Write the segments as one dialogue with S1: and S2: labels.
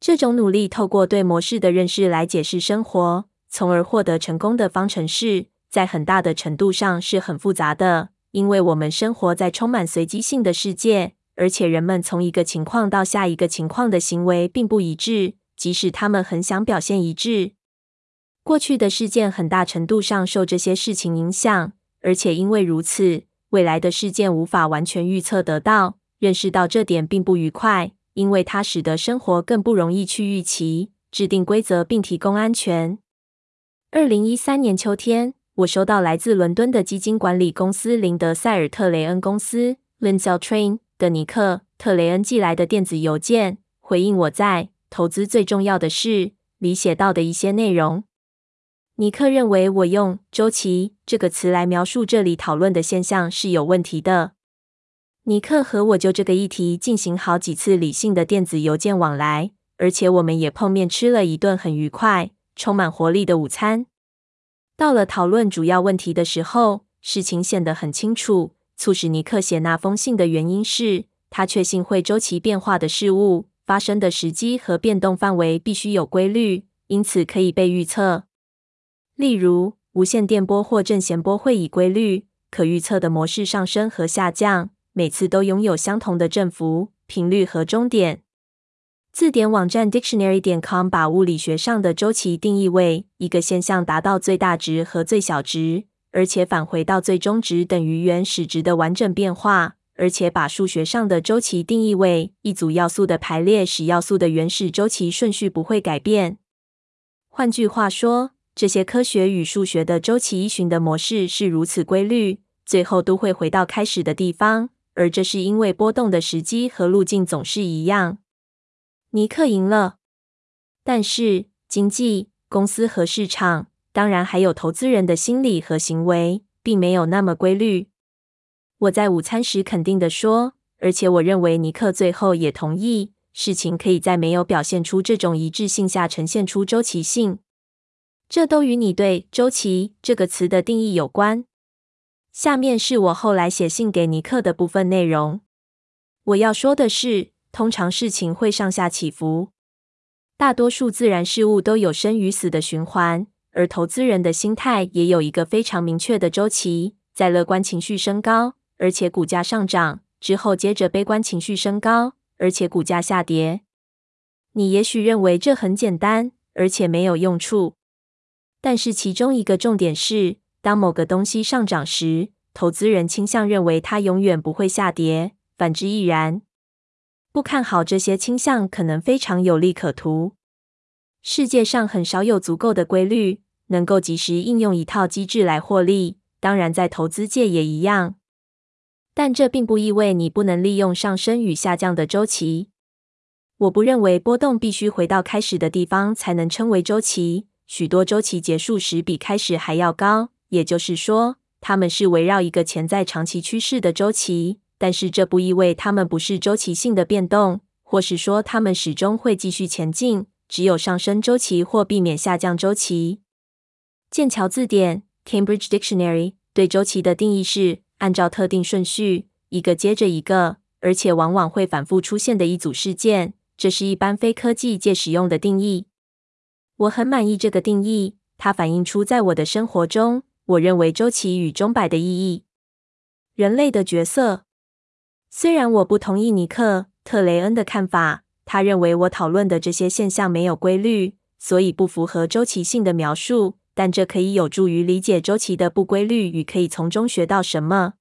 S1: 這種努力透過對模式的認識來解釋生活，從而獲得成功的方程式，在很大的程度上是很複雜的，因為我們生活在充滿隨機性的世界，而且人們從一個情況到下一個情況的行為並不一致，即使他們很想表現一致。過去的事件很大程度上受這些事情影響，而且因為如此，未來的事件無法完全預測得到，認識到這點並不愉快。因為它使得生活更不容易去預期，制定規則並提供安全。二零一三年秋天，我收到來自倫敦的基金管理公司林德塞爾特雷恩公司 l i n z e l Train） 的尼克特雷恩寄來的電子郵件，回應我在《投資最重要的事》裡寫到的一些內容。尼克認為我用“周期”這個詞來描述這裡討論的現象是有問題的。尼克和我就這個議題進行好幾次理性的電子郵件往來，而且我們也碰面，吃了一頓很愉快、充滿活力的午餐。到了討論主要問題的時候，事情顯得很清楚。促使尼克寫那封信的原因是，他確信會周期變化的事物發生的時機和變動範圍必須有規律，因此可以被預測。例如，無線電波或正弦波會以規律、可預測的模式上升和下降。每次都擁有相同的振幅、頻率和終點。字典網站 dictionary 點 com 把物理學上的周期定義為一個現象達到最大值和最小值，而且返回到最終值等於原始值的完整變化，而且把數學上的周期定義為一組要素的排列，使要素的原始周期順序不會改變。換句話說，這些科學與數學的周期依循的模式是如此規律，最後都會回到開始的地方。而這是因為波動的時機和路徑總是一樣。尼克贏了，但是經濟、公司和市場，當然還有投資人的心理和行為，並沒有那麼規律。我在午餐時肯定地說，而且我認為尼克最後也同意，事情可以在沒有表現出這種一致性下呈現出周期性。這都與你對“周期”這個詞的定義有關。下面是我後來寫信給尼克的部分內容。我要說的是，通常事情會上下起伏，大多數自然事物都有生與死的循環，而投資人的心態也有一個非常明確的週期：在樂觀情緒升高，而且股價上漲之後，接着悲觀情緒升高，而且股價下跌。你也許認為這很簡單，而且沒有用處，但是其中一個重點是，當某個東西上漲時，投資人傾向認為它永遠不會下跌，反之亦然。不看好這些傾向可能非常有利可圖。世界上很少有足夠的規律能夠及時應用一套機制來獲利，當然在投資界也一樣。但這並不意味你不能利用上升與下降的週期。我不認為波動必須回到開始的地方才能稱為週期，許多週期結束時比開始還要高。也就是說，他們是圍繞一個潛在長期趨勢的周期，但是這不意味他們不是周期性的變動，或是說他們始終會繼續前進，只有上升周期或避免下降周期。劍橋字典 （Cambridge Dictionary） 對周期的定義是：按照特定順序，一個接着一個，而且往往會反覆出現的一組事件。這是一般非科技界使用的定義。我很滿意這個定義，它反映出在我的生活中。我認為周期與鐘擺的意義，人類的角色。雖然我不同意尼克·特雷恩的看法，他認為我討論的這些現象沒有規律，所以不符合周期性的描述。但這可以有助於理解周期的不規律與可以從中學到什麼。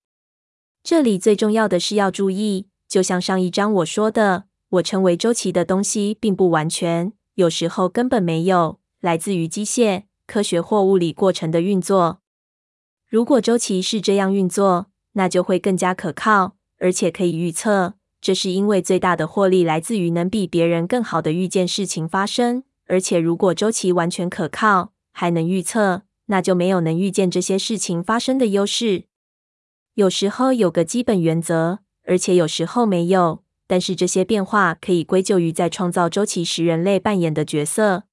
S1: 這裡最重要的是要注意，就像上一章我說的，我稱為周期的東西並不完全，有時候根本沒有來自於機械、科學或物理過程的運作。如果週期是這樣運作，那就會更加可靠，而且可以預測。這是因為最大的獲利來自於能比別人更好的預見事情發生。而且如果週期完全可靠，還能預測，那就沒有能預見這些事情發生的優勢。有時候有個基本原則，而且有時候沒有。但是這些變化可以歸咎於在創造週期時人類扮演的角色。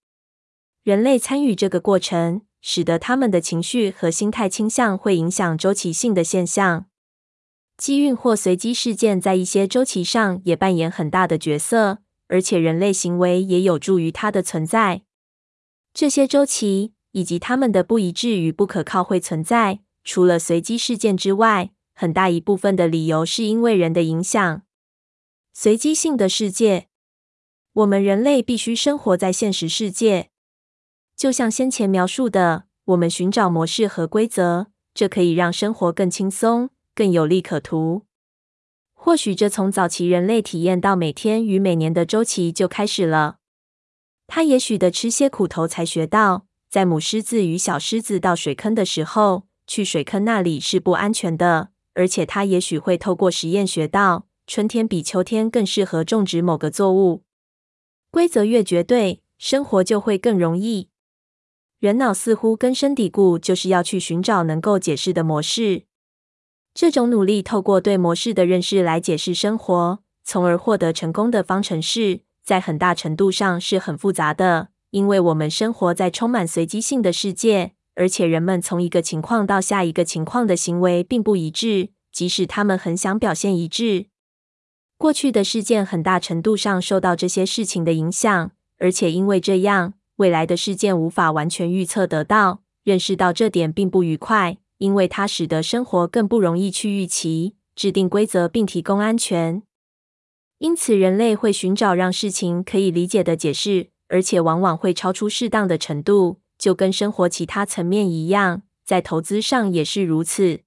S1: 人類參與這個過程。使得他們的情緒和心態傾向會影響週期性的現象。機運或隨機事件在一些週期上也扮演很大的角色，而且人類行為也有助於它的存在。這些週期以及它們的不一致與不可靠會存在，除了隨機事件之外，很大一部分的理由是因為人的影響。隨機性的世界，我們人類必須生活在現實世界。就像先前描述的，我們尋找模式和規則，這可以讓生活更輕鬆、更有利可圖。或許這從早期人類體驗到每天與每年的周期就開始了。他也許得吃些苦頭才學到，在母獅子與小獅子到水坑的時候，去水坑那裡是不安全的。而且他也許會透過實驗學到，春天比秋天更適合種植某個作物。規則越絕對，生活就會更容易。人腦似乎根深蒂固，就是要去尋找能夠解釋的模式。這種努力透過對模式的認識來解釋生活，從而獲得成功的方程式，在很大程度上是很複雜的，因為我們生活在充滿隨機性的世界，而且人們從一個情況到下一個情況的行為並不一致，即使他們很想表現一致。過去的事件很大程度上受到這些事情的影響，而且因為這樣，未來的事件無法完全預測得到，認識到這點並不愉快，因為它使得生活更不容易去預期、制定規則並提供安全。因此，人類會尋找讓事情可以理解的解釋，而且往往會超出適當的程度，就跟生活其他層面一樣，在投資上也是如此。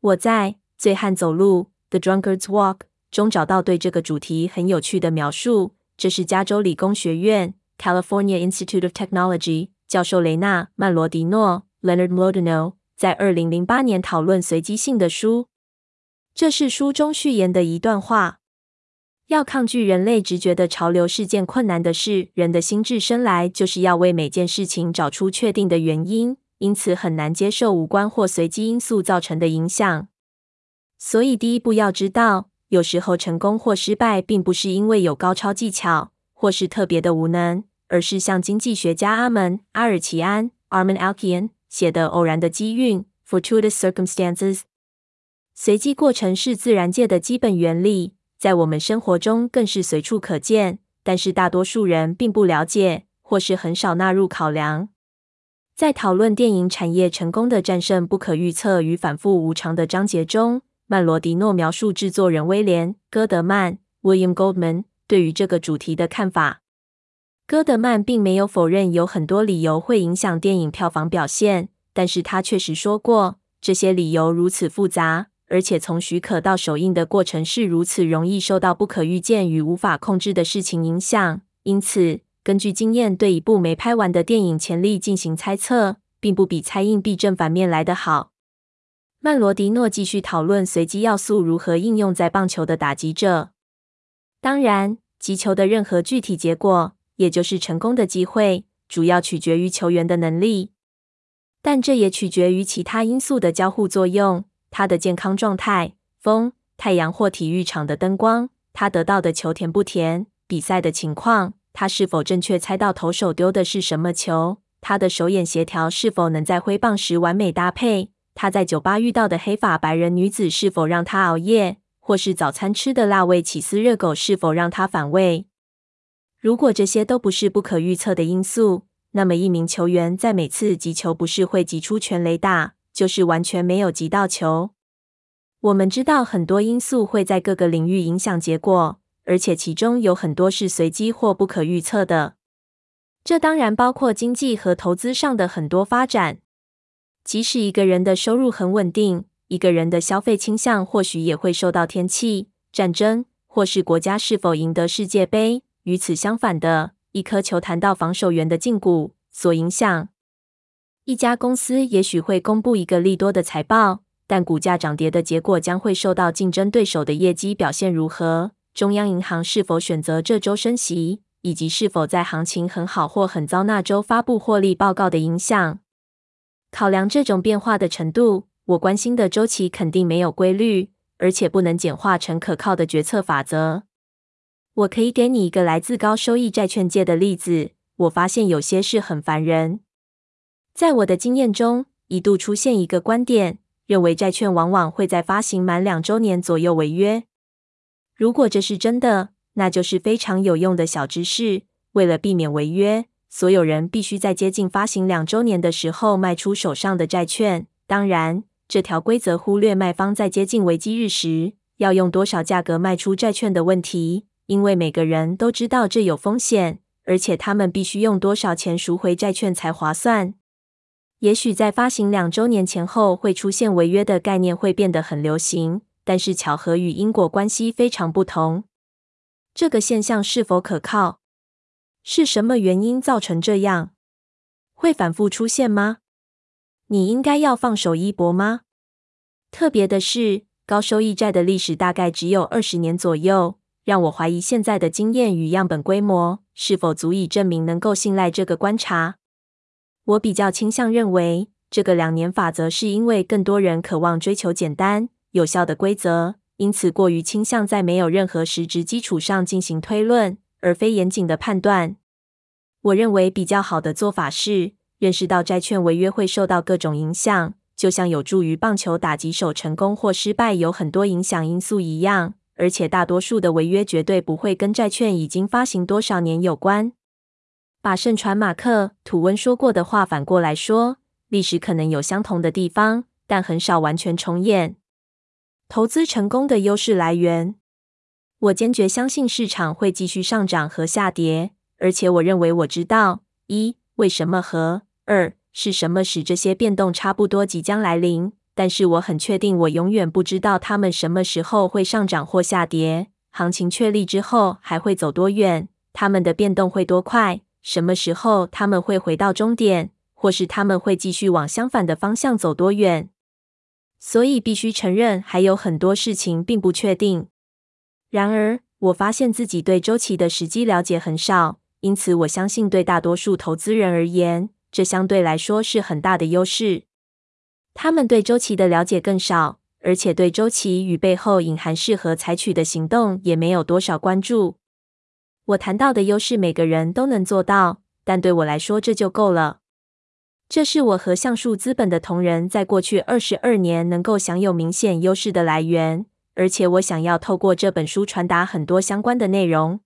S1: 我在《醉漢走路》（The Drunkard's Walk） 中找到對這個主題很有趣的描述，這是加州理工學院。California Institute of Technology 教授雷納·曼羅迪諾 （Leonard m l o d i n o 在二零零八年討論隨機性的書，這是書中序言的一段話：要抗拒人類直覺的潮流是件困難的事。人的心智生來就是要為每件事情找出確定的原因，因此很難接受無關或隨機因素造成的影響。所以，第一步要知道，有時候成功或失敗並不是因為有高超技巧，或是特別的無能，而是像經濟學家阿門阿爾奇安 （Armen a l c i a n 寫的《偶然的機運》（Fortuitous Circumstances）。隨機過程是自然界的基本原理，在我們生活中更是隨處可見。但是大多數人並不了解，或是很少納入考量。在討論電影產業成功的戰勝不可預測與反復無常的章節中，曼羅迪諾描述制作人威廉·戈德曼 （William Goldman）。對於這個主題的看法，戈德曼並沒有否認有很多理由會影響電影票房表現，但是他確實說過，這些理由如此複雜，而且從許可到首映的過程是如此容易受到不可預見與無法控制的事情影響。因此，根據經驗，對一部沒拍完的電影潛力進行猜測，並不比猜硬幣正反面來得好。曼羅迪諾繼續討論隨機要素如何應用在棒球的打擊者。當然，擊球的任何具體結果，也就是成功的機會，主要取決於球員的能力。但這也取決於其他因素的交互作用：他的健康狀態、風、太陽或體育場的燈光、他得到的球甜不甜、比賽的情況、他是否正確猜到投手丟的是什麼球、他的手眼協調是否能在揮棒時完美搭配、他在酒吧遇到的黑髮白人女子是否讓他熬夜。或是早餐吃的辣味起司熱狗是否讓他反胃？如果這些都不是不可預測的因素，那麼一名球員在每次擊球不是會擊出全壘打，就是完全沒有擊到球。我們知道很多因素會在各個領域影響結果，而且其中有很多是隨機或不可預測的。這當然包括經濟和投資上的很多發展。即使一個人的收入很穩定。一個人的消費傾向或許也會受到天氣、戰爭，或是國家是否贏得世界杯，與此相反的，一顆球彈到防守員的脛骨所影響。一家公司也許會公布一個利多的財報，但股價漲跌的結果將會受到競爭對手的業績表現如何、中央銀行是否選擇這週升息，以及是否在行情很好或很糟那周發布獲利報告的影響。考量這種變化的程度。我關心的周期肯定沒有規律，而且不能簡化成可靠的決策法則。我可以給你一個來自高收益債券界的例子。我發現有些事很煩人。在我的經驗中，一度出現一個觀點，認為債券往往會在發行滿兩周年左右違約。如果這是真的，那就是非常有用的小知識。為了避免違約，所有人必須在接近發行兩周年的時候賣出手上的債券。當然，這條規則忽略賣方在接近危機日時要用多少價格賣出債券的問題，因為每個人都知道這有風險，而且他們必須用多少錢贖回債券才划算。也許在發行兩周年前後會出現違約的概念會變得很流行，但是巧合與因果關係非常不同。這個現象是否可靠？是什麼原因造成這樣？會反覆出現嗎？你應該要放手一搏嗎？特別的是，高收益債的歷史大概只有二十年左右，讓我懷疑現在的經驗與樣本規模是否足以證明能夠信賴這個觀察。我比較傾向認為，這個兩年法則是因為更多人渴望追求簡單有效的規則，因此過於傾向在沒有任何實質基礎上進行推論，而非嚴謹的判斷。我認為比較好的做法是。認識到債券違約會受到各種影響，就像有助於棒球打擊手成功或失敗有很多影響因素一樣，而且大多數的違約絕對不會跟債券已經發行多少年有關。把盛傳馬克·吐溫說過的話反過來說：歷史可能有相同的地方，但很少完全重演。投資成功的優勢來源，我堅決相信市場會繼續上漲和下跌，而且我認為我知道一為什麼和二是什麼使這些變動差不多即將來臨？但是我很確定，我永遠不知道他們什麼時候會上漲或下跌。行情確立之後還會走多遠？他們的變動會多快？什麼時候他們會回到終點，或是他們會繼續往相反的方向走多遠？所以必須承認還有很多事情並不確定。然而，我發現自己對周期的時機了解很少，因此我相信對大多數投資人而言。這相對來說是很大的優勢。他們對週期的了解更少，而且對週期與背後隱含適合採取的行動也沒有多少關注。我談到的優勢每個人都能做到，但對我來說這就夠了。這是我和橡樹資本的同仁在過去二十二年能夠享有明顯優勢的來源，而且我想要透過這本書傳達很多相關的內容。